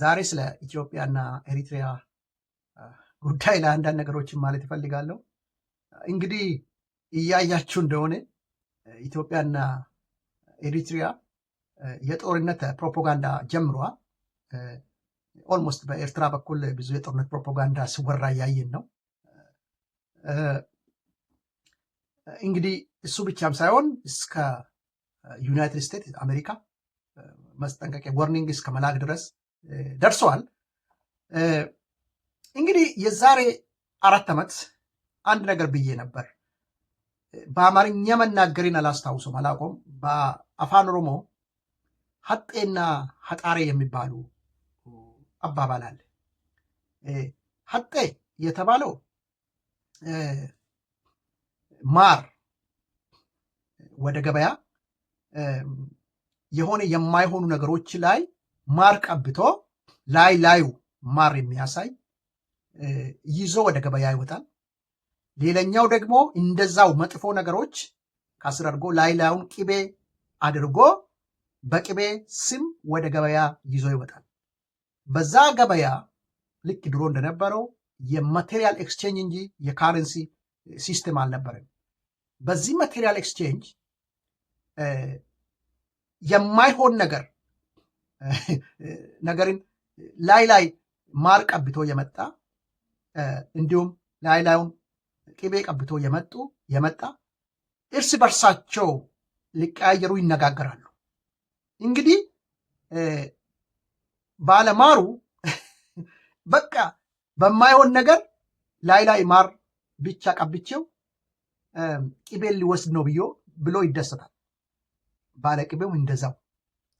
ዛሬ ስለ ኢትዮጵያና ኤሪትሪያ ጉዳይ ለአንዳንድ ነገሮችን ማለት ይፈልጋለሁ። እንግዲህ እያያችሁ እንደሆነ ኢትዮጵያና ኤሪትሪያ የጦርነት ፕሮፓጋንዳ ጀምሯ ኦልሞስት በኤርትራ በኩል ብዙ የጦርነት ፕሮፓጋንዳ ስወራ እያየን ነው። እንግዲህ እሱ ብቻም ሳይሆን እስከ ዩናይትድ ስቴትስ አሜሪካ መስጠንቀቂያ ወርኒንግ እስከ መላክ ድረስ ደርሰዋል። እንግዲህ የዛሬ አራት ዓመት አንድ ነገር ብዬ ነበር። በአማርኛ መናገሬን አላስታውስም፣ አላውቀውም። በአፋን ኦሮሞ ሀጤና ሀጣሬ የሚባሉ አባባል አለ። ሀጤ የተባለው ማር ወደ ገበያ የሆነ የማይሆኑ ነገሮች ላይ ማር ቀብቶ ላይ ላዩ ማር የሚያሳይ ይዞ ወደ ገበያ ይወጣል። ሌላኛው ደግሞ እንደዛው መጥፎ ነገሮች ከስር አድርጎ ላይ ላዩን ቅቤ አድርጎ በቅቤ ስም ወደ ገበያ ይዞ ይወጣል። በዛ ገበያ ልክ ድሮ እንደነበረው የማቴሪያል ኤክስቼንጅ እንጂ የካረንሲ ሲስተም አልነበረም። በዚህ ማቴሪያል ኤክስቼንጅ የማይሆን ነገር ነገርን ላይ ላይ ማር ቀብቶ የመጣ እንዲሁም ላይ ላዩን ቅቤ ቀብቶ የመጡ የመጣ እርስ በርሳቸው ሊቀያየሩ ይነጋገራሉ። እንግዲህ ባለማሩ በቃ በማይሆን ነገር ላይ ላይ ማር ብቻ ቀብቼው ቅቤ ሊወስድ ነው ብዮ ብሎ ይደሰታል። ባለ እንደዛው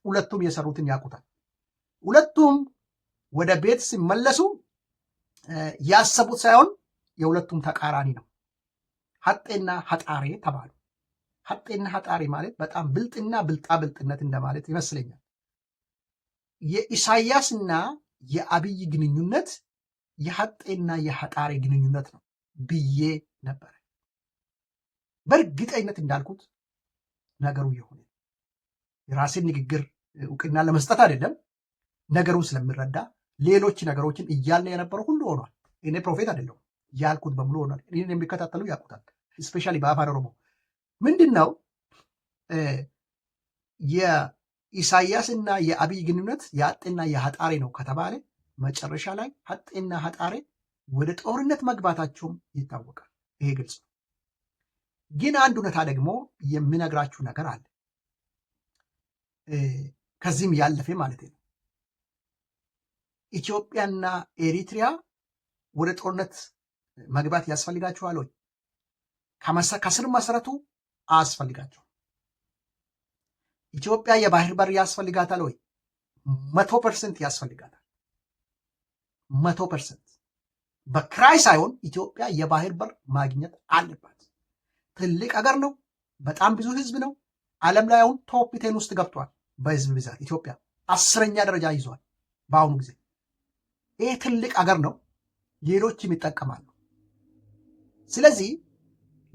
ሁለቱም የሰሩትን ያውቁታል። ሁለቱም ወደ ቤት ሲመለሱ ያሰቡት ሳይሆን የሁለቱም ተቃራኒ ነው። ሀጤና ሀጣሬ ተባሉ። ሀጤና ሀጣሬ ማለት በጣም ብልጥና ብልጣ ብልጥነት እንደማለት ይመስለኛል። የኢሳያስና የአብይ ግንኙነት የሀጤና የሀጣሬ ግንኙነት ነው ብዬ ነበረ። በእርግጠኝነት እንዳልኩት ነገሩ የሆነ የራሴን ንግግር እውቅና ለመስጠት አይደለም፣ ነገሩን ስለምረዳ ሌሎች ነገሮችን እያልን የነበረው ሁሉ ሆኗል። እኔ ፕሮፌት አይደለሁም፣ ያልኩት በሙሉ ሆኗል። ይህን የሚከታተሉ ያውቁታል። እስፔሻሊ በአፋን ኦሮሞ ምንድን ነው የኢሳያስ እና የአብይ ግንኙነት የአጤና የሀጣሬ ነው ከተባለ መጨረሻ ላይ ሀጤና ሀጣሬ ወደ ጦርነት መግባታቸውም ይታወቃል። ይሄ ግልጽ ነው። ግን አንድ እውነታ ደግሞ የምነግራችሁ ነገር አለ። ከዚህም ያለፈ ማለት ነው። ኢትዮጵያና ኤሪትሪያ ወደ ጦርነት መግባት ያስፈልጋቸዋል ወይ? ከስር መሰረቱ አያስፈልጋቸው። ኢትዮጵያ የባህር በር ያስፈልጋታል ወይ? መቶ ፐርሰንት ያስፈልጋታል። መቶ ፐርሰንት በክራይ ሳይሆን ኢትዮጵያ የባህር በር ማግኘት አለባት። ትልቅ አገር ነው። በጣም ብዙ ህዝብ ነው። ዓለም ላይ አሁን ቶፕ ቴን ውስጥ ገብቷል። በህዝብ ብዛት ኢትዮጵያ አስረኛ ደረጃ ይዟል። በአሁኑ ጊዜ ይህ ትልቅ አገር ነው። ሌሎችም ይጠቀማሉ። ስለዚህ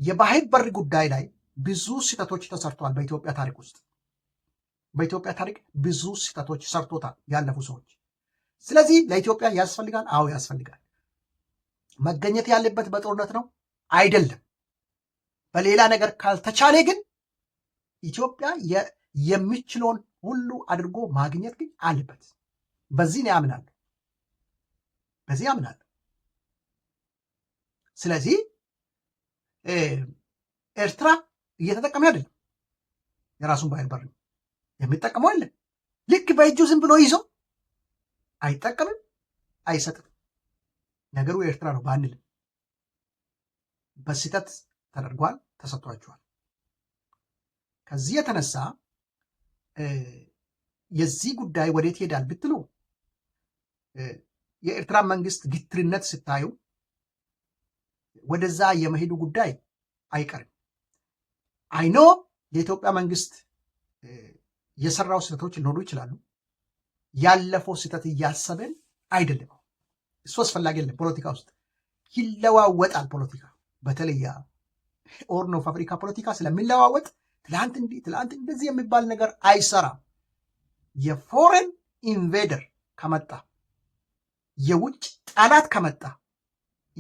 የባህር በር ጉዳይ ላይ ብዙ ስህተቶች ተሰርተዋል። በኢትዮጵያ ታሪክ ውስጥ በኢትዮጵያ ታሪክ ብዙ ስህተቶች ሰርቶታል ያለፉ ሰዎች። ስለዚህ ለኢትዮጵያ ያስፈልጋል? አዎ ያስፈልጋል። መገኘት ያለበት በጦርነት ነው አይደለም። በሌላ ነገር ካልተቻለ ግን ኢትዮጵያ የሚችለውን ሁሉ አድርጎ ማግኘት ግን አለበት። በዚህ ነው ያምናሉ፣ በዚህ ያምናሉ። ስለዚህ ኤርትራ እየተጠቀመ አይደለም፣ የራሱን ባህር በር የሚጠቀመው የለም። ልክ በእጁ ዝም ብሎ ይዞ አይጠቀምም፣ አይሰጥም። ነገሩ የኤርትራ ነው ባንልም በስህተት ተደርጓል፣ ተሰጥቷቸዋል። ከዚህ የተነሳ የዚህ ጉዳይ ወዴት ይሄዳል ብትሉ የኤርትራ መንግስት ግትርነት ስታዩ ወደዛ የመሄዱ ጉዳይ አይቀርም። አይኖ የኢትዮጵያ መንግስት የሰራው ስህተቶች ሊኖሩ ይችላሉ። ያለፈው ስህተት እያሰብን አይደለም። እሱ አስፈላጊ የለም። ፖለቲካ ውስጥ ይለዋወጣል። ፖለቲካ በተለይ ኦርኖፍ አፍሪካ ፖለቲካ ስለሚለዋወጥ ትላንት እንዲህ ትላንት እንደዚህ የሚባል ነገር አይሰራም። የፎሬን ኢንቬደር ከመጣ የውጭ ጠላት ከመጣ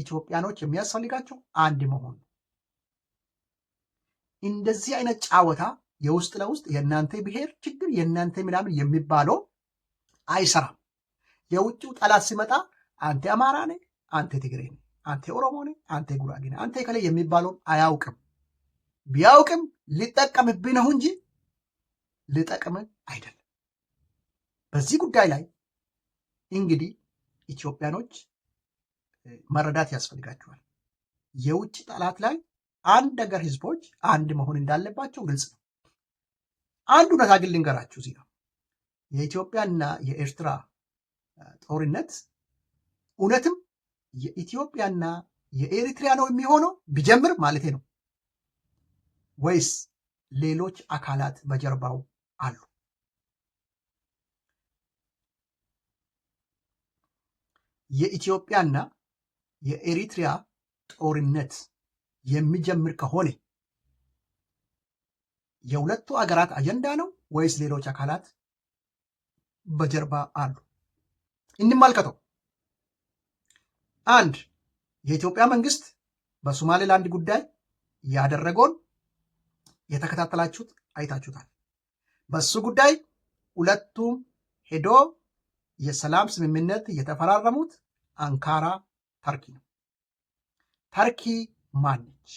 ኢትዮጵያኖች የሚያስፈልጋቸው አንድ መሆን ነው። እንደዚህ አይነት ጫወታ የውስጥ ለውስጥ የእናንተ ብሔር ችግር የእናንተ ምናምን የሚባለው አይሰራም። የውጭው ጠላት ሲመጣ አንተ አማራ ነ፣ አንተ ትግሬ ነ፣ አንተ ኦሮሞ ነ፣ አንተ ጉራጌ ነ፣ አንተ ከላይ የሚባለውን አያውቅም። ቢያውቅም ሊጠቀምብህ ነው እንጂ ሊጠቅምህ አይደለም። በዚህ ጉዳይ ላይ እንግዲህ ኢትዮጵያኖች መረዳት ያስፈልጋቸዋል። የውጭ ጠላት ላይ አንድ ነገር ህዝቦች አንድ መሆን እንዳለባቸው ግልጽ ነው። አንድ እውነት ግን ልንገራችሁ እዚህ ነው የኢትዮጵያና የኤርትራ ጦርነት እውነትም የኢትዮጵያና የኤሪትሪያ ነው የሚሆነው ቢጀምር ማለቴ ነው ወይስ ሌሎች አካላት በጀርባው አሉ? የኢትዮጵያና የኤሪትሪያ ጦርነት የሚጀምር ከሆነ የሁለቱ አገራት አጀንዳ ነው ወይስ ሌሎች አካላት በጀርባ አሉ? እንመልከተው። አንድ የኢትዮጵያ መንግስት በሶማሌላንድ ጉዳይ ያደረገውን የተከታተላችሁት አይታችሁታል። በሱ ጉዳይ ሁለቱም ሄዶ የሰላም ስምምነት የተፈራረሙት አንካራ ተርኪ ነው። ተርኪ ማነች?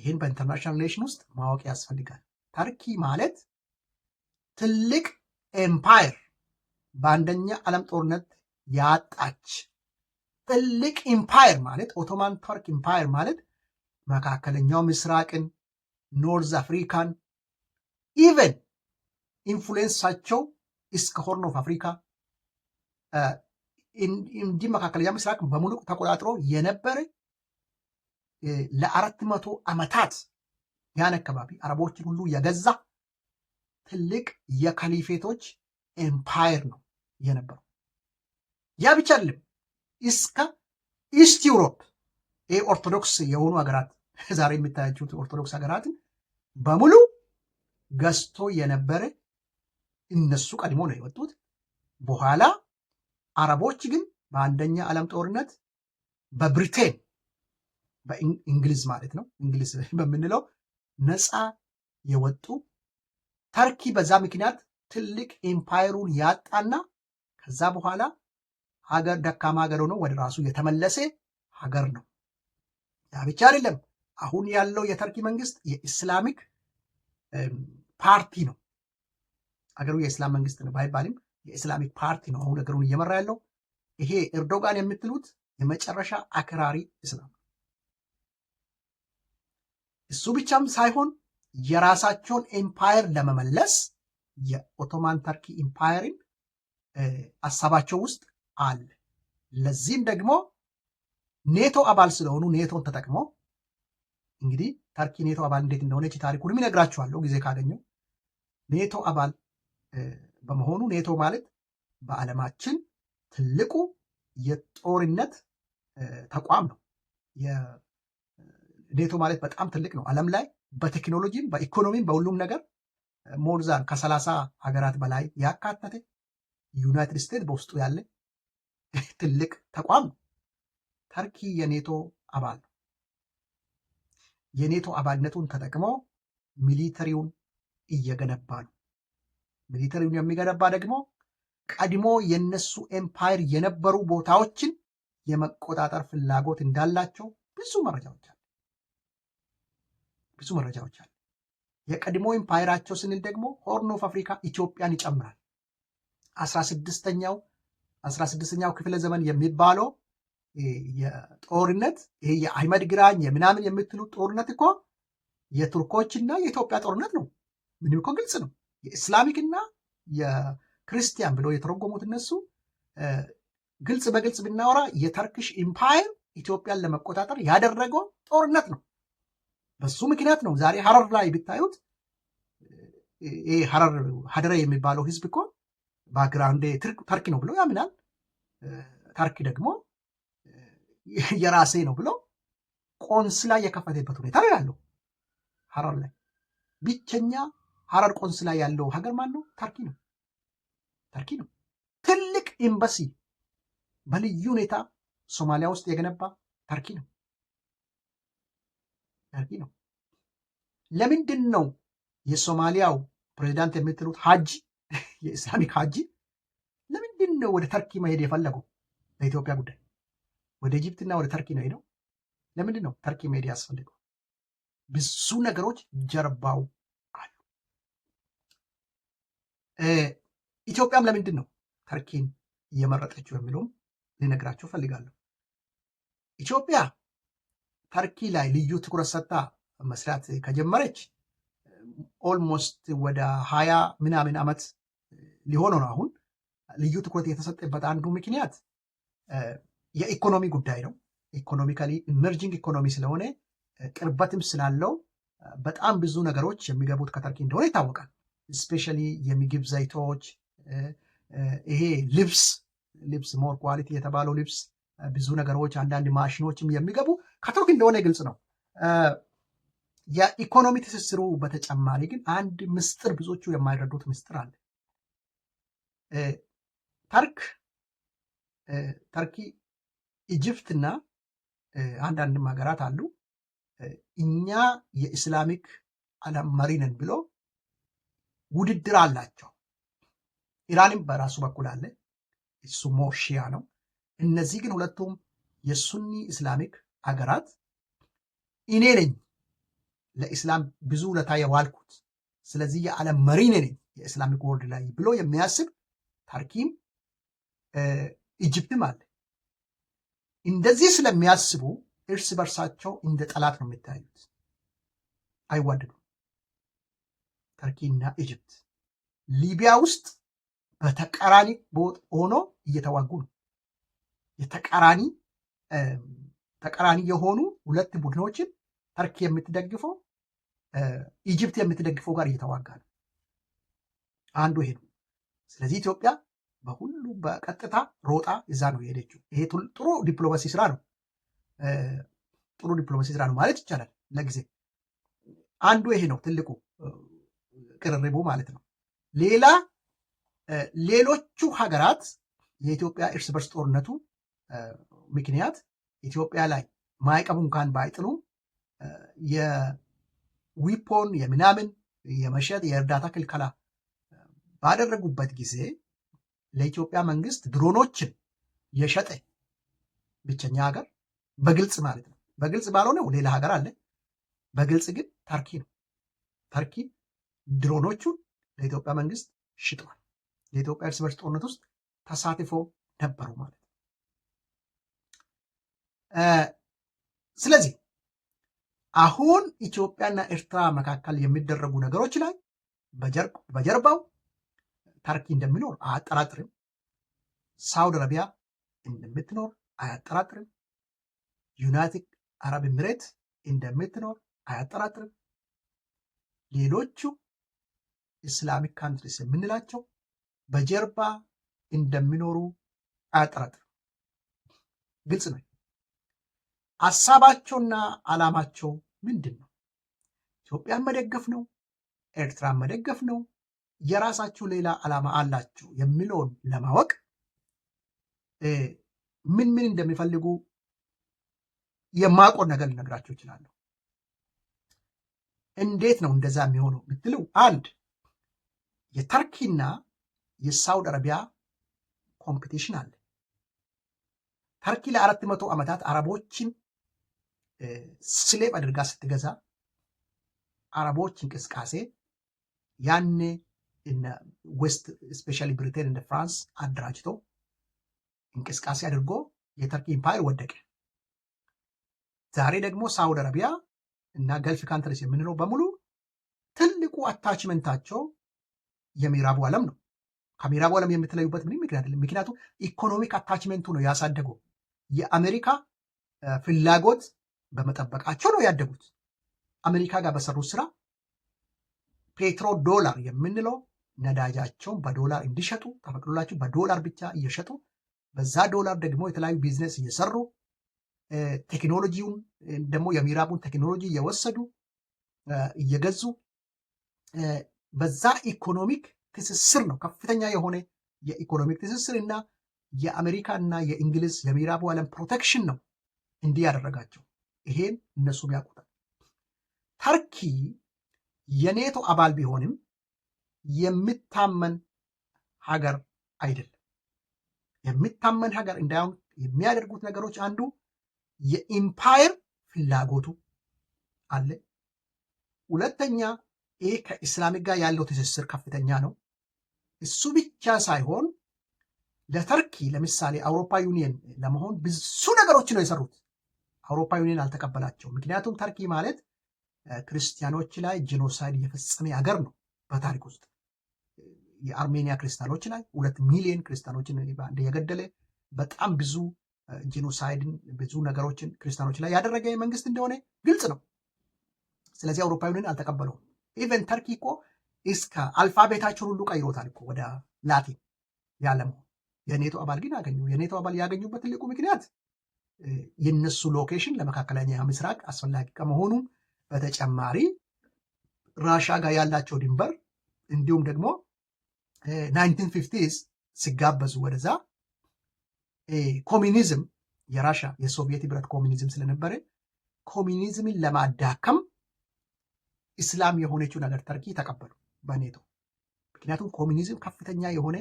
ይህን በኢንተርናሽናል ሪሌሽን ውስጥ ማወቅ ያስፈልጋል። ተርኪ ማለት ትልቅ ኤምፓየር በአንደኛ ዓለም ጦርነት ያጣች ትልቅ ኢምፓየር ማለት ኦቶማን ተርክ ኢምፓየር ማለት መካከለኛው ምስራቅን ኖርዝ አፍሪካን ኢቨን ኢንፍሉዌንሳቸው እስከ ሆርን ኦፍ አፍሪካ እንዲህ መካከለኛ ምስራቅ በሙሉ ተቆጣጥሮ የነበረ ለአራት መቶ ዓመታት ያን አካባቢ አረቦችን ሁሉ የገዛ ትልቅ የካሊፌቶች ኤምፓየር ነው የነበረው። ያ ብቻ አይደለም፣ እስከ ኢስት ዩሮፕ ይህ ኦርቶዶክስ የሆኑ ሀገራት ዛሬ የሚታያችሁት ኦርቶዶክስ ሀገራትን በሙሉ ገዝቶ የነበረ እነሱ ቀድሞ ነው የወጡት። በኋላ አረቦች ግን በአንደኛ ዓለም ጦርነት በብሪቴን በእንግሊዝ ማለት ነው እንግሊዝ በምንለው ነፃ የወጡ ተርኪ በዛ ምክንያት ትልቅ ኤምፓየሩን ያጣና ከዛ በኋላ ሀገር ደካማ ሀገር ሆኖ ወደ ራሱ የተመለሰ ሀገር ነው። ያ ብቻ አይደለም። አሁን ያለው የተርኪ መንግስት የኢስላሚክ ፓርቲ ነው። አገሩ የኢስላም መንግስት ነው ባይባልም የኢስላሚክ ፓርቲ ነው አሁን አገሩን እየመራ ያለው። ይሄ ኤርዶጋን የምትሉት የመጨረሻ አክራሪ እስላም እሱ ብቻም ሳይሆን የራሳቸውን ኤምፓየር ለመመለስ የኦቶማን ተርኪ ኢምፓየርን ሀሳባቸው ውስጥ አለ። ለዚህም ደግሞ ኔቶ አባል ስለሆኑ ኔቶን ተጠቅመው እንግዲህ ተርኪ ኔቶ አባል እንዴት እንደሆነች ታሪኩንም ይነግራችኋለሁ ጊዜ ካገኘው። ኔቶ አባል በመሆኑ ኔቶ ማለት በዓለማችን ትልቁ የጦርነት ተቋም ነው። ኔቶ ማለት በጣም ትልቅ ነው። ዓለም ላይ በቴክኖሎጂም በኢኮኖሚም በሁሉም ነገር ሞልዛን ከሰላሳ ሀገራት በላይ ያካተተ ዩናይትድ ስቴትስ በውስጡ ያለ ትልቅ ተቋም ነው። ተርኪ የኔቶ አባል ነው። የኔቶ አባልነቱን ተጠቅሞ ሚሊተሪውን እየገነባ ነው። ሚሊተሪውን የሚገነባ ደግሞ ቀድሞ የነሱ ኤምፓየር የነበሩ ቦታዎችን የመቆጣጠር ፍላጎት እንዳላቸው ብዙ መረጃዎች አሉ። ብዙ መረጃዎች አሉ። የቀድሞ ኤምፓየራቸው ስንል ደግሞ ሆርን ኦፍ አፍሪካ ኢትዮጵያን ይጨምራል። አስራ ስድስተኛው አስራ ስድስተኛው ክፍለ ዘመን የሚባለው የጦርነት ይሄ የአህመድ ግራኝ የምናምን የምትሉት ጦርነት እኮ የቱርኮችና የኢትዮጵያ ጦርነት ነው። ምንም እኮ ግልጽ ነው። የእስላሚክና የክርስቲያን ብለው የተረጎሙት እነሱ ግልጽ በግልጽ ብናወራ የተርክሽ ኢምፓየር ኢትዮጵያን ለመቆጣጠር ያደረገው ጦርነት ነው። በሱ ምክንያት ነው ዛሬ ሀረር ላይ ብታዩት ይሄ ሀረር ሀደረ የሚባለው ህዝብ እኮ ባክግራውንድ ተርኪ ነው ብሎ ያምናል። ተርኪ ደግሞ የራሴ ነው ብሎ ቆንስላ የከፈተበት ሁኔታ ነው ያለው። ሀረር ላይ ብቸኛ ሀረር ቆንስላ ያለው ሀገር ማን ነው? ተርኪ ነው። ተርኪ ነው። ትልቅ ኤምባሲ በልዩ ሁኔታ ሶማሊያ ውስጥ የገነባ ተርኪ ነው። ተርኪ ነው። ለምንድን ነው የሶማሊያው ፕሬዚዳንት የምትሉት ሀጂ የኢስላሚክ ሀጂ ለምንድን ነው ወደ ተርኪ መሄድ የፈለገው? ለኢትዮጵያ ጉዳይ ወደ ኢጅፕትና ወደ ተርኪ ነው ሄደው። ለምንድን ነው ተርኪ መሄድ ያስፈልገው? ብዙ ነገሮች ጀርባው አሉ። ኢትዮጵያም ለምንድን ነው ተርኪን እየመረጠችው የሚለውም ልነግራቸው ፈልጋለሁ። ኢትዮጵያ ተርኪ ላይ ልዩ ትኩረት ሰጥታ መስራት ከጀመረች ኦልሞስት ወደ ሀያ ምናምን ዓመት ሊሆነው ነው። አሁን ልዩ ትኩረት የተሰጠበት አንዱ ምክንያት የኢኮኖሚ ጉዳይ ነው። ኢኮኖሚካሊ ኢመርጂንግ ኢኮኖሚ ስለሆነ ቅርበትም ስላለው በጣም ብዙ ነገሮች የሚገቡት ከተርኪ እንደሆነ ይታወቃል። ስፔሻሊ የምግብ ዘይቶች፣ ይሄ ልብስ ልብስ ሞር ኳሊቲ የተባለው ልብስ፣ ብዙ ነገሮች፣ አንዳንድ ማሽኖችም የሚገቡ ከተርኪ እንደሆነ ግልጽ ነው። የኢኮኖሚ ትስስሩ በተጨማሪ ግን አንድ ምስጥር ብዙዎቹ የማይረዱት ምስጥር አለ። ተርክ ተርኪ ኢጅፕት እና አንዳንድም ሀገራት አሉ እኛ የኢስላሚክ ዓለም መሪ ነን ብሎ ውድድር አላቸው። ኢራንም በራሱ በኩል አለ፣ እሱ ሞርሺያ ነው። እነዚህ ግን ሁለቱም የሱኒ ኢስላሚክ ሀገራት እኔ ነኝ ለኢስላም ብዙ ውለታ የዋልኩት ስለዚህ የዓለም መሪ ነኝ የኢስላሚክ ወርልድ ላይ ብሎ የሚያስብ ታርኪም ኢጅፕትም አለ። እንደዚህ ስለሚያስቡ እርስ በርሳቸው እንደ ጠላት ነው የሚታዩት። አይዋደዱም። ተርኪና ኢጅፕት ሊቢያ ውስጥ በተቃራኒ ሆኖ እየተዋጉ ነው። የተቃራኒ ተቃራኒ የሆኑ ሁለት ቡድኖችን ተርኪ የምትደግፈው ኢጅፕት የምትደግፈው ጋር እየተዋጋ ነው። አንዱ ይሄ ነው። ስለዚህ ኢትዮጵያ በሁሉም በቀጥታ ሮጣ እዛ ነው የሄደችው። ይሄ ጥሩ ዲፕሎማሲ ስራ ነው፣ ጥሩ ዲፕሎማሲ ስራ ነው ማለት ይቻላል። ለጊዜ አንዱ ይሄ ነው ትልቁ ቅርርቡ ማለት ነው። ሌላ ሌሎቹ ሀገራት የኢትዮጵያ እርስ በርስ ጦርነቱ ምክንያት ኢትዮጵያ ላይ ማዕቀቡ እንኳን ባይጥሉ የዊፖን የምናምን የመሸጥ የእርዳታ ክልከላ ባደረጉበት ጊዜ ለኢትዮጵያ መንግስት ድሮኖችን የሸጠ ብቸኛ ሀገር በግልጽ ማለት ነው። በግልጽ ባልሆነው ሌላ ሀገር አለ። በግልጽ ግን ተርኪ ነው። ተርኪ ድሮኖቹን ለኢትዮጵያ መንግስት ሽጠዋል። የኢትዮጵያ እርስ በርስ ጦርነት ውስጥ ተሳትፎ ነበሩ ማለት ነው። ስለዚህ አሁን ኢትዮጵያና ኤርትራ መካከል የሚደረጉ ነገሮች ላይ በጀርባው ተርኪ እንደሚኖር አያጠራጥርም። ሳውዲ አረቢያ እንደምትኖር አያጠራጥርም። ዩናይትድ አረብ ኤምሬት እንደምትኖር አያጠራጥርም። ሌሎቹ ኢስላሚክ ካንትሪስ የምንላቸው በጀርባ እንደሚኖሩ አያጠራጥርም። ግልጽ ነው። ሀሳባቸውና አላማቸው ምንድን ነው? ኢትዮጵያን መደገፍ ነው። ኤርትራን መደገፍ ነው። የራሳችሁ ሌላ ዓላማ አላችሁ የሚለውን ለማወቅ ምን ምን እንደሚፈልጉ የማቆር ነገር ልነግራችሁ እችላለሁ። እንዴት ነው እንደዛ የሚሆነው ብትሉ፣ አንድ የተርኪና የሳውዲ አረቢያ ኮምፒቲሽን አለ። ተርኪ ለአራት መቶ ዓመታት አረቦችን ስሌብ አድርጋ ስትገዛ አረቦች እንቅስቃሴ ያኔ ዌስት ስፔሻሊ ብሪቴን እንደ ፍራንስ አደራጅቶ እንቅስቃሴ አድርጎ የተርኪ ኢምፓየር ወደቀ። ዛሬ ደግሞ ሳውዲ አረቢያ እና ገልፍ ካንትሪስ የምንለው በሙሉ ትልቁ አታችመንታቸው የምዕራቡ ዓለም ነው። ከምዕራቡ ዓለም የምትለዩበት ምንም ምክንያት የለም። ምክንያቱም ኢኮኖሚክ አታችመንቱ ነው ያሳደገው። የአሜሪካ ፍላጎት በመጠበቃቸው ነው ያደጉት። አሜሪካ ጋር በሰሩት ስራ ፔትሮ ዶላር የምንለው ነዳጃቸውን በዶላር እንዲሸጡ ተፈቅዶላቸው በዶላር ብቻ እየሸጡ በዛ ዶላር ደግሞ የተለያዩ ቢዝነስ እየሰሩ ቴክኖሎጂውን ደግሞ የሚራቡን ቴክኖሎጂ እየወሰዱ እየገዙ በዛ ኢኮኖሚክ ትስስር ነው ከፍተኛ የሆነ የኢኮኖሚክ ትስስር እና የአሜሪካ እና የእንግሊዝ የሚራቡ ዓለም ፕሮቴክሽን ነው እንዲህ ያደረጋቸው። ይሄን እነሱም ያውቁታል። ተርኪ የኔቶ አባል ቢሆንም የምታመን ሀገር አይደለም። የምታመን ሀገር እንዳውም የሚያደርጉት ነገሮች አንዱ የኢምፓየር ፍላጎቱ አለ። ሁለተኛ ይህ ከኢስላሚክ ጋር ያለው ትስስር ከፍተኛ ነው። እሱ ብቻ ሳይሆን ለተርኪ ለምሳሌ አውሮፓ ዩኒየን ለመሆን ብዙ ነገሮች ነው የሰሩት። አውሮፓ ዩኒየን አልተቀበላቸው ምክንያቱም ተርኪ ማለት ክርስቲያኖች ላይ ጄኖሳይድ እየፈጸመ ሀገር ነው በታሪክ ውስጥ የአርሜኒያ ክርስቲያኖች ላይ ሁለት ሚሊዮን ክርስቲያኖችን በአንድ የገደለ በጣም ብዙ ጄኖሳይድን ብዙ ነገሮችን ክርስቲያኖች ላይ ያደረገ መንግስት እንደሆነ ግልጽ ነው። ስለዚህ አውሮፓዊንን አልተቀበለውም። ኢቨን ተርኪ እኮ እስከ አልፋቤታቸውን ሁሉ ቀይሮታል እኮ ወደ ላቲን ያለመሆን የኔቶ አባል ግን አገኙ። የኔቶ አባል ያገኙበት ትልቁ ምክንያት የነሱ ሎኬሽን ለመካከለኛ ምስራቅ አስፈላጊ ከመሆኑ በተጨማሪ ራሻ ጋር ያላቸው ድንበር እንዲሁም ደግሞ 1950s ሲጋበዙ ወደዛ ኮሚኒዝም የራሻ የሶቪየት ህብረት ኮሚኒዝም ስለነበረ ኮሚኒዝምን ለማዳከም ኢስላም የሆነችውን ሀገር ተርኪ ተቀበሉ በኔቶ። ምክንያቱም ኮሚኒዝም ከፍተኛ የሆነ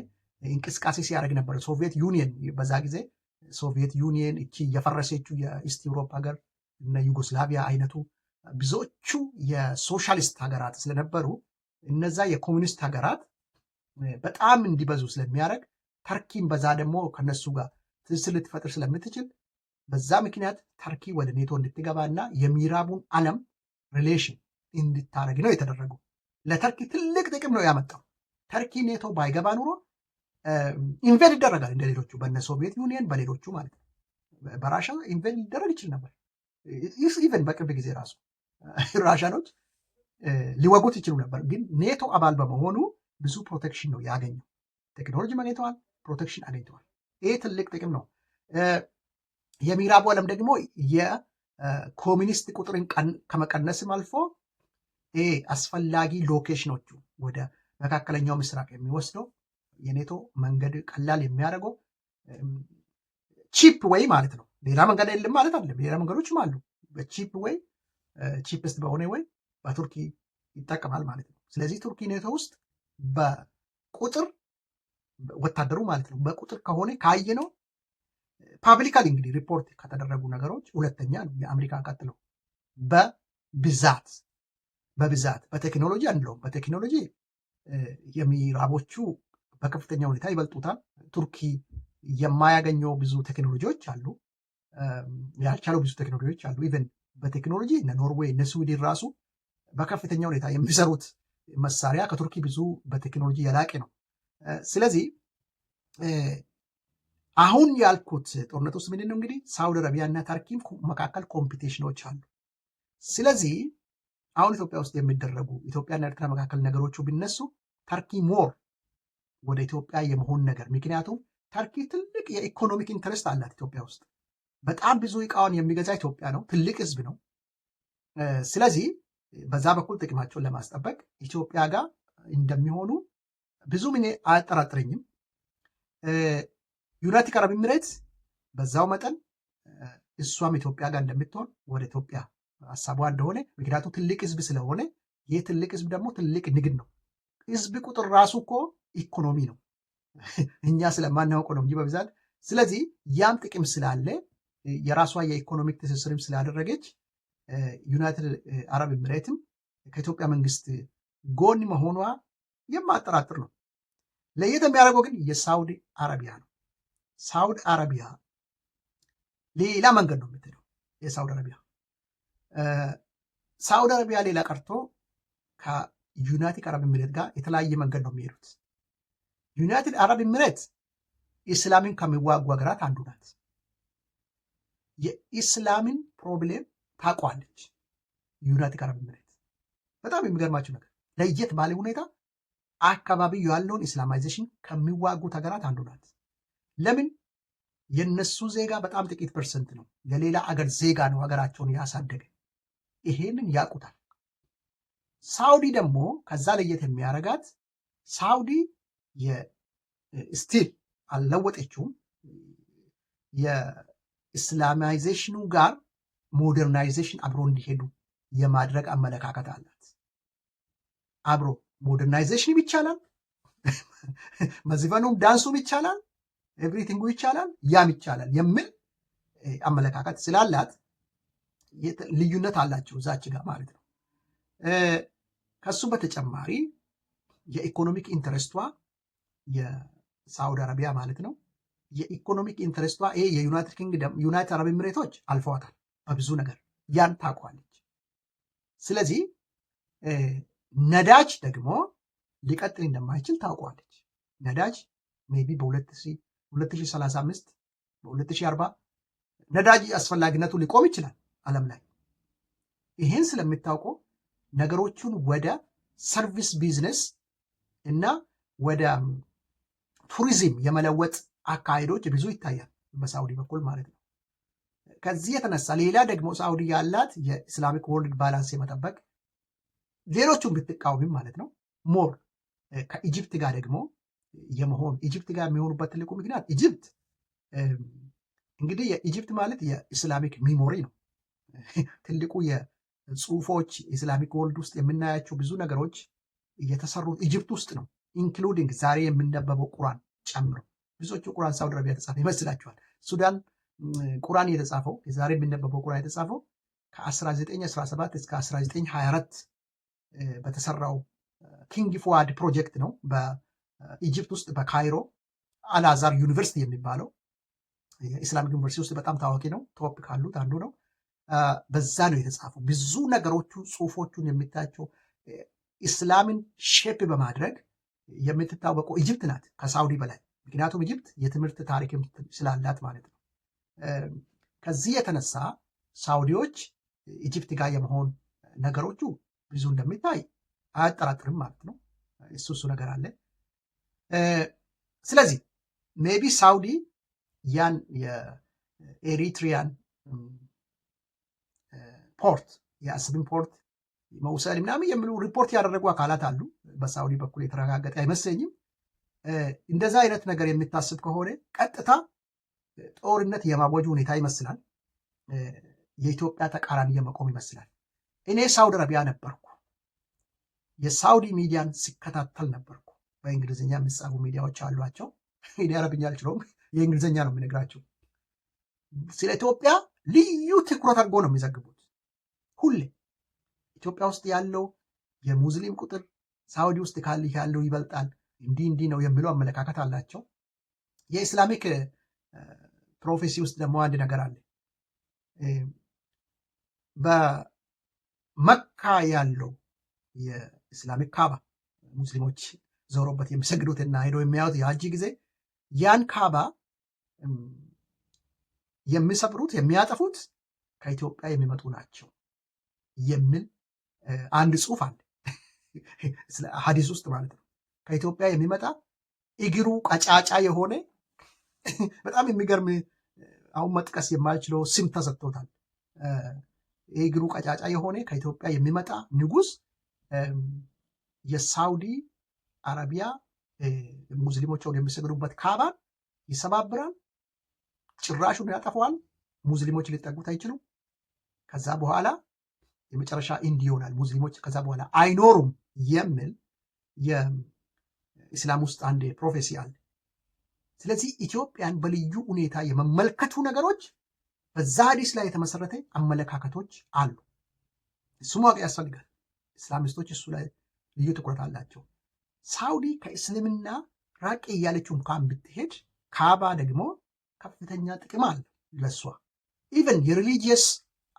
እንቅስቃሴ ሲያደርግ ነበር። ሶቪየት ዩኒየን በዛ ጊዜ ሶቪየት ዩኒየን እቺ የፈረሰችው የኢስት ዩሮፕ ሀገር እና ዩጎስላቪያ አይነቱ ብዙዎቹ የሶሻሊስት ሀገራት ስለነበሩ እነዛ የኮሚኒስት ሀገራት በጣም እንዲበዙ ስለሚያደርግ ተርኪን በዛ ደግሞ ከነሱ ጋር ትስስር ልትፈጥር ስለምትችል በዛ ምክንያት ተርኪ ወደ ኔቶ እንድትገባና የሚራቡን ዓለም ሪሌሽን እንድታደረግ ነው የተደረጉ ለተርኪ ትልቅ ጥቅም ነው ያመጣው። ተርኪ ኔቶ ባይገባ ኑሮ ኢንቬድ ይደረጋል እንደ ሌሎቹ በነ ሶቪየት ዩኒየን በሌሎቹ ማለት ነው። በራሻ ኢንቬድ ሊደረግ ይችል ነበር። ኢቨን በቅርብ ጊዜ ራሱ ራሻኖች ሊወጉት ይችሉ ነበር። ግን ኔቶ አባል በመሆኑ ብዙ ፕሮቴክሽን ነው ያገኘው። ቴክኖሎጂ አግኝተዋል፣ ፕሮቴክሽን አግኝተዋል። ይሄ ትልቅ ጥቅም ነው። የምዕራቡ ዓለም ደግሞ የኮሚኒስት ቁጥርን ከመቀነስም አልፎ ይሄ አስፈላጊ ሎኬሽኖቹ ወደ መካከለኛው ምስራቅ የሚወስደው የኔቶ መንገድ ቀላል የሚያደርገው ቺፕ ወይ ማለት ነው። ሌላ መንገድ የለም ማለት አለም። ሌላ መንገዶችም አሉ። በቺፕ ወይ ቺፕስት በሆነ ወይ በቱርኪ ይጠቀማል ማለት ነው። ስለዚህ ቱርኪ ኔቶ ውስጥ በቁጥር ወታደሩ ማለት ነው። በቁጥር ከሆነ ነው ፓብሊካል እንግዲህ ሪፖርት ከተደረጉ ነገሮች ሁለተኛ ነው የአሜሪካ ቀጥለው በብዛት በብዛት በቴክኖሎጂ አንለውም። በቴክኖሎጂ የሚራቦቹ በከፍተኛ ሁኔታ ይበልጡታል። ቱርኪ የማያገኘው ብዙ ቴክኖሎጂዎች አሉ፣ ያልቻለው ብዙ ቴክኖሎጂዎች አሉ። ኢቨን በቴክኖሎጂ እነ ኖርዌይ እነ ስዊድን ራሱ በከፍተኛ ሁኔታ የሚሰሩት መሳሪያ ከቱርኪ ብዙ በቴክኖሎጂ የላቀ ነው። ስለዚህ አሁን ያልኩት ጦርነት ውስጥ ምንድነው እንግዲህ ሳውዲ አረቢያ እና ተርኪ መካከል ኮምፒቴሽኖች አሉ። ስለዚህ አሁን ኢትዮጵያ ውስጥ የሚደረጉ ኢትዮጵያና ኤርትራ መካከል ነገሮቹ ቢነሱ ታርኪ ሞር ወደ ኢትዮጵያ የመሆን ነገር ምክንያቱም ታርኪ ትልቅ የኢኮኖሚክ ኢንትረስት አላት ኢትዮጵያ ውስጥ በጣም ብዙ እቃውን የሚገዛ ኢትዮጵያ ነው። ትልቅ ህዝብ ነው። ስለዚህ በዛ በኩል ጥቅማቸውን ለማስጠበቅ ኢትዮጵያ ጋር እንደሚሆኑ ብዙም እኔ አያጠራጥረኝም። ዩናይትድ አረብ ኤሚሬትስ በዛው መጠን እሷም ኢትዮጵያ ጋር እንደምትሆን ወደ ኢትዮጵያ ሀሳቧ እንደሆነ፣ ምክንያቱም ትልቅ ህዝብ ስለሆነ ይህ ትልቅ ህዝብ ደግሞ ትልቅ ንግድ ነው። ህዝብ ቁጥር ራሱ እኮ ኢኮኖሚ ነው፣ እኛ ስለማናውቀው ነው እንጂ በብዛት ስለዚህ ያም ጥቅም ስላለ የራሷ የኢኮኖሚክ ትስስርም ስላደረገች ዩናይትድ አረብ ኤምሬትም ከኢትዮጵያ መንግስት ጎን መሆኗ የማጠራጥር ነው። ለየት የሚያደርገው ግን የሳውዲ አረቢያ ነው። ሳውዲ አረቢያ ሌላ መንገድ ነው የምትሄደው። የሳውዲ አረቢያ ሳውዲ አረቢያ ሌላ ቀርቶ ከዩናይትድ አረብ ኤምሬት ጋር የተለያየ መንገድ ነው የሚሄዱት። ዩናይትድ አረብ ኤምሬት ኢስላምን ከሚዋጉ ሀገራት አንዱ ናት። የኢስላምን ፕሮብሌም ታውቀዋለች። ዩናይትድ አረብ ኤምሬት በጣም የሚገርማችሁ ነገር ለየት ባለ ሁኔታ አካባቢ ያለውን ኢስላማይዜሽን ከሚዋጉት ሀገራት አንዱ ናት። ለምን? የነሱ ዜጋ በጣም ጥቂት ፐርሰንት ነው። የሌላ አገር ዜጋ ነው ሀገራቸውን ያሳደገ። ይሄንን ያውቁታል። ሳውዲ ደግሞ ከዛ ለየት የሚያረጋት ሳውዲ የስቲል አልለወጠችውም። የኢስላማይዜሽኑ ጋር ሞደርናይዜሽን አብሮ እንዲሄዱ የማድረግ አመለካከት አላት። አብሮ ሞደርናይዜሽንም ይቻላል፣ መዝፈኑም ዳንሱም ይቻላል፣ ኤቭሪቲንጉ ይቻላል፣ ያም ይቻላል የሚል አመለካከት ስላላት ልዩነት አላቸው እዛች ጋር ማለት ነው። ከሱ በተጨማሪ የኢኮኖሚክ ኢንትረስቷ የሳውዲ አረቢያ ማለት ነው የኢኮኖሚክ ኢንትረስቷ ይሄ የዩናይትድ ኪንግደም ዩናይትድ አረብ ኤምሬቶች አልፈዋታል። በብዙ ነገር ያን ታውቀዋለች። ስለዚህ ነዳጅ ደግሞ ሊቀጥል እንደማይችል ታውቋለች። ነዳጅ ሜይ ቢ በ2035 በ2040 ነዳጅ አስፈላጊነቱ ሊቆም ይችላል ዓለም ላይ ይህን ስለምታውቀው ነገሮቹን ወደ ሰርቪስ ቢዝነስ እና ወደ ቱሪዝም የመለወጥ አካሄዶች ብዙ ይታያል በሳውዲ በኩል ማለት ነው። ከዚህ የተነሳ ሌላ ደግሞ ሳውዲ ያላት የኢስላሚክ ወርልድ ባላንስ የመጠበቅ ሌሎቹን ብትቃወሚም ማለት ነው ሞር ከኢጅፕት ጋር ደግሞ የመሆን ኢጅፕት ጋር የሚሆኑበት ትልቁ ምክንያት ኢጅፕት እንግዲህ የኢጅፕት ማለት የኢስላሚክ ሚሞሪ ነው። ትልቁ የጽሁፎች ኢስላሚክ ወርልድ ውስጥ የምናያቸው ብዙ ነገሮች የተሰሩት ኢጅፕት ውስጥ ነው። ኢንክሉዲንግ ዛሬ የምንነበበው ቁራን ጨምሮ ብዙዎቹ ቁራን ሳውዲ አረቢያ ተጻፈ ይመስላችኋል። ሱዳን ቁርአን የተጻፈው የዛሬ የሚነበበው ቁርአን የተጻፈው ከ1917 እስከ 1924 በተሰራው ኪንግ ፉአድ ፕሮጀክት ነው። በኢጅፕት ውስጥ በካይሮ አልአዛር ዩኒቨርሲቲ የሚባለው የኢስላሚክ ዩኒቨርሲቲ ውስጥ በጣም ታዋቂ ነው። ቶፕ ካሉት አንዱ ነው። በዛ ነው የተጻፈው። ብዙ ነገሮቹ ጽሁፎቹን የሚታቸው ኢስላምን ሼፕ በማድረግ የምትታወቀው ኢጅፕት ናት ከሳውዲ በላይ ምክንያቱም ኢጅፕት የትምህርት ታሪክ ስላላት ማለት ነው። ከዚህ የተነሳ ሳውዲዎች ኢጅፕት ጋር የመሆን ነገሮቹ ብዙ እንደሚታይ አያጠራጥርም ማለት ነው። እሱ እሱ ነገር አለ። ስለዚህ ሜቢ ሳውዲ ያን የኤሪትሪያን ፖርት የአስብን ፖርት መውሰድ ምናምን የሚሉ ሪፖርት ያደረጉ አካላት አሉ። በሳውዲ በኩል የተረጋገጠ አይመስለኝም። እንደዛ አይነት ነገር የሚታስብ ከሆነ ቀጥታ ጦርነት የማወጅ ሁኔታ ይመስላል። የኢትዮጵያ ተቃራኒ የመቆም ይመስላል። እኔ ሳውዲ አረቢያ ነበርኩ። የሳውዲ ሚዲያን ሲከታተል ነበርኩ። በእንግሊዝኛ የሚጻፉ ሚዲያዎች አሏቸው። እኔ አረብኛ አልችለውም፣ የእንግሊዝኛ ነው የሚነግራቸው። ስለ ኢትዮጵያ ልዩ ትኩረት አድርጎ ነው የሚዘግቡት። ሁሌ ኢትዮጵያ ውስጥ ያለው የሙስሊም ቁጥር ሳውዲ ውስጥ ካል ያለው ይበልጣል፣ እንዲህ እንዲህ ነው የሚለው አመለካከት አላቸው። የኢስላሚክ ፕሮፌሲ ውስጥ ደግሞ አንድ ነገር አለ። በመካ ያለው የእስላሚክ ካባ ሙስሊሞች ዞሮበት የሚሰግዱትና ሄዶ የሚያዩት የሀጂ ጊዜ ያን ካባ የሚሰብሩት የሚያጠፉት ከኢትዮጵያ የሚመጡ ናቸው የሚል አንድ ጽሁፍ አለ ሀዲስ ውስጥ ማለት ነው። ከኢትዮጵያ የሚመጣ እግሩ ቀጫጫ የሆነ በጣም የሚገርም አሁን መጥቀስ የማልችለው ስም ተሰጥቶታል። ይህ እግሩ ቀጫጫ የሆነ ከኢትዮጵያ የሚመጣ ንጉስ የሳውዲ አረቢያ ሙስሊሞችን የሚሰግዱበት ካባን ይሰባብራል፣ ጭራሹን ያጠፈዋል። ሙስሊሞች ሊጠጉት አይችሉም። ከዛ በኋላ የመጨረሻ እንዲህ ይሆናል፣ ሙስሊሞች ከዛ በኋላ አይኖሩም የሚል የእስላም ውስጥ አንድ ፕሮፌሲ አለ። ስለዚህ ኢትዮጵያን በልዩ ሁኔታ የመመልከቱ ነገሮች በዛ ሀዲስ ላይ የተመሰረተ አመለካከቶች አሉ። እሱ ማወቅ ያስፈልጋል። እስላሚስቶች እሱ ላይ ልዩ ትኩረት አላቸው። ሳውዲ ከእስልምና ራቅ እያለችው እንኳን ብትሄድ ካባ ደግሞ ከፍተኛ ጥቅም አለ ለሷ። ኢቨን የሪሊጂየስ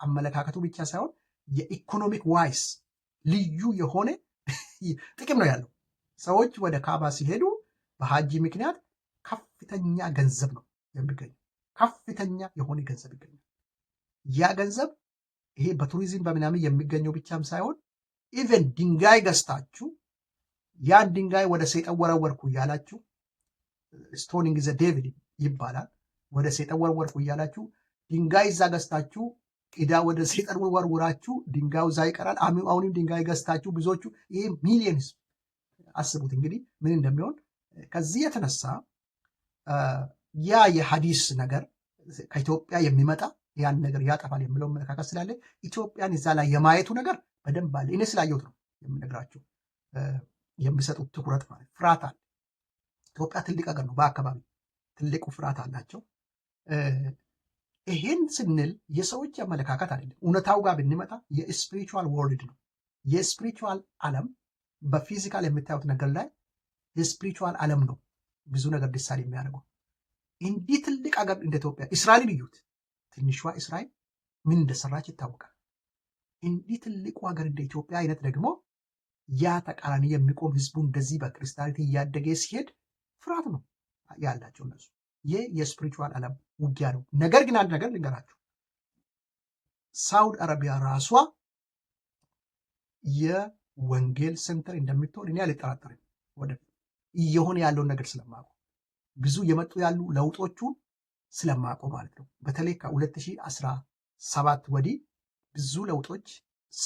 አመለካከቱ ብቻ ሳይሆን የኢኮኖሚክ ዋይስ ልዩ የሆነ ጥቅም ነው ያለው። ሰዎች ወደ ካባ ሲሄዱ በሀጂ ምክንያት ከፍተኛ ገንዘብ ነው የሚገኘው። ከፍተኛ የሆነ ገንዘብ ይገኛል። ያ ገንዘብ ይሄ በቱሪዝም በምናምን የሚገኘው ብቻም ሳይሆን ኢቨን ድንጋይ ገዝታችሁ ያን ድንጋይ ወደ ሰይጣን ወረወርኩ እያላችሁ ስቶኒንግ ዘ ዴቪድ ይባላል። ወደ ሰይጣን ወረወርኩ እያላችሁ ድንጋይ እዛ ገዝታችሁ ቂዳ ወደ ሰይጣን ወርውራችሁ ድንጋዩ እዛ ይቀራል። አሁንም ድንጋይ ገዝታችሁ ብዙዎቹ ይሄ ሚሊየንስ አስቡት እንግዲህ ምን እንደሚሆን ከዚህ የተነሳ ያ የሀዲስ ነገር ከኢትዮጵያ የሚመጣ ያን ነገር ያጠፋል የምለው አመለካከት ስላለ ኢትዮጵያን እዛ ላይ የማየቱ ነገር በደንብ አለ። እኔ ስላየሁት ነው የምነግራቸው። የሚሰጡት ትኩረት ማለት ፍርሃት አለ። ኢትዮጵያ ትልቅ ሀገር ነው፣ በአካባቢ ትልቁ ፍርሃት አላቸው። ይሄን ስንል የሰዎች አመለካከት አይደለም። እውነታው ጋር ብንመጣ የስፒሪቹዋል ወርልድ ነው። የስፒሪቹዋል ዓለም በፊዚካል የምታዩት ነገር ላይ የስፒሪቹዋል ዓለም ነው። ብዙ ነገር ድሳል የሚያደርገው እንዲህ ትልቅ ሀገር እንደ ኢትዮጵያ እስራኤልን እዩት። ትንሿ እስራኤል ምን እንደሰራች ይታወቃል። እንዲህ ትልቁ ሀገር እንደ ኢትዮጵያ አይነት ደግሞ ያ ተቃራኒ የሚቆም ህዝቡ እንደዚህ በክርስቲያኒቲ እያደገ ሲሄድ ፍርሃት ነው ያላቸው እነሱ። ይህ የስፕሪቹዋል ዓለም ውጊያ ነው። ነገር ግን አንድ ነገር ልንገራችሁ፣ ሳውዲ አረቢያ ራሷ የወንጌል ሴንተር እንደምትሆን እኔ አልጠራጠርም ወደ እየሆነ ያለውን ነገር ስለማቁ ብዙ የመጡ ያሉ ለውጦቹን ስለማቁ ማለት ነው። በተለይ ከ2017 ወዲህ ብዙ ለውጦች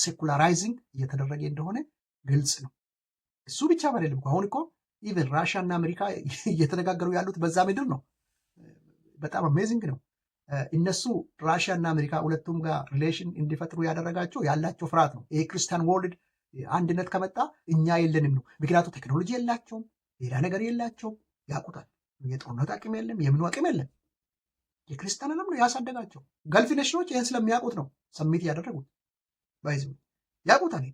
ሴኩላራይዚንግ እየተደረገ እንደሆነ ግልጽ ነው። እሱ ብቻ በደለም አሁን እኮ ኢቨን ራሻ እና አሜሪካ እየተነጋገሩ ያሉት በዛ ምድር ነው። በጣም አሜዚንግ ነው። እነሱ ራሽያ እና አሜሪካ ሁለቱም ጋር ሪሌሽን እንዲፈጥሩ ያደረጋቸው ያላቸው ፍርሃት ነው። ይሄ ክርስቲያን ወርልድ አንድነት ከመጣ እኛ የለንም ነው። ምክንያቱ ቴክኖሎጂ የላቸውም፣ ሌላ ነገር የላቸው ያቁታል። የጦርነት አቅም የለም፣ የምኑ አቅም የለም። የክርስቲያን ዓለም ነው ያሳደጋቸው። ገልፍ ኔሽኖች ይህን ስለሚያውቁት ነው ሰሚት ያደረጉት። ባይዝ ያቁታል።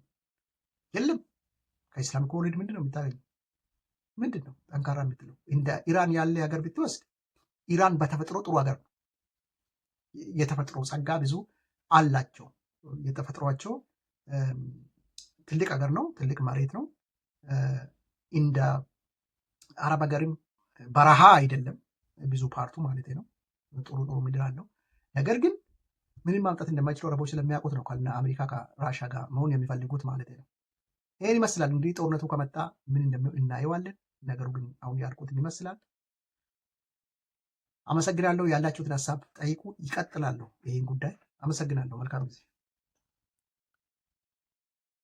የለም ከኢስላም ከወሪድ ምንድን ነው የምታገኘው? ምንድን ነው ጠንካራ የምትለው? እንደ ኢራን ያለ ሀገር ብትወስድ ኢራን በተፈጥሮ ጥሩ ሀገር ነው። የተፈጥሮ ጸጋ ብዙ አላቸው። የተፈጥሯቸው ትልቅ ሀገር ነው። ትልቅ መሬት ነው እንደ አረብ ሀገርም በረሃ አይደለም ብዙ ፓርቱ ማለት ነው። ጥሩ ጥሩ ምድር አለው። ነገር ግን ምንም ማምጣት እንደማይችሉ አረቦች ስለሚያውቁት ነው ከና አሜሪካ ከራሻ ጋር መሆን የሚፈልጉት ማለት ነው። ይህን ይመስላል እንግዲህ ጦርነቱ ከመጣ ምን እናየዋለን። ነገሩ ግን አሁን ያልኩትን ይመስላል። አመሰግናለሁ። ያላችሁትን ሀሳብ ጠይቁ። ይቀጥላለሁ ይህን ጉዳይ አመሰግናለሁ። መልካም ጊዜ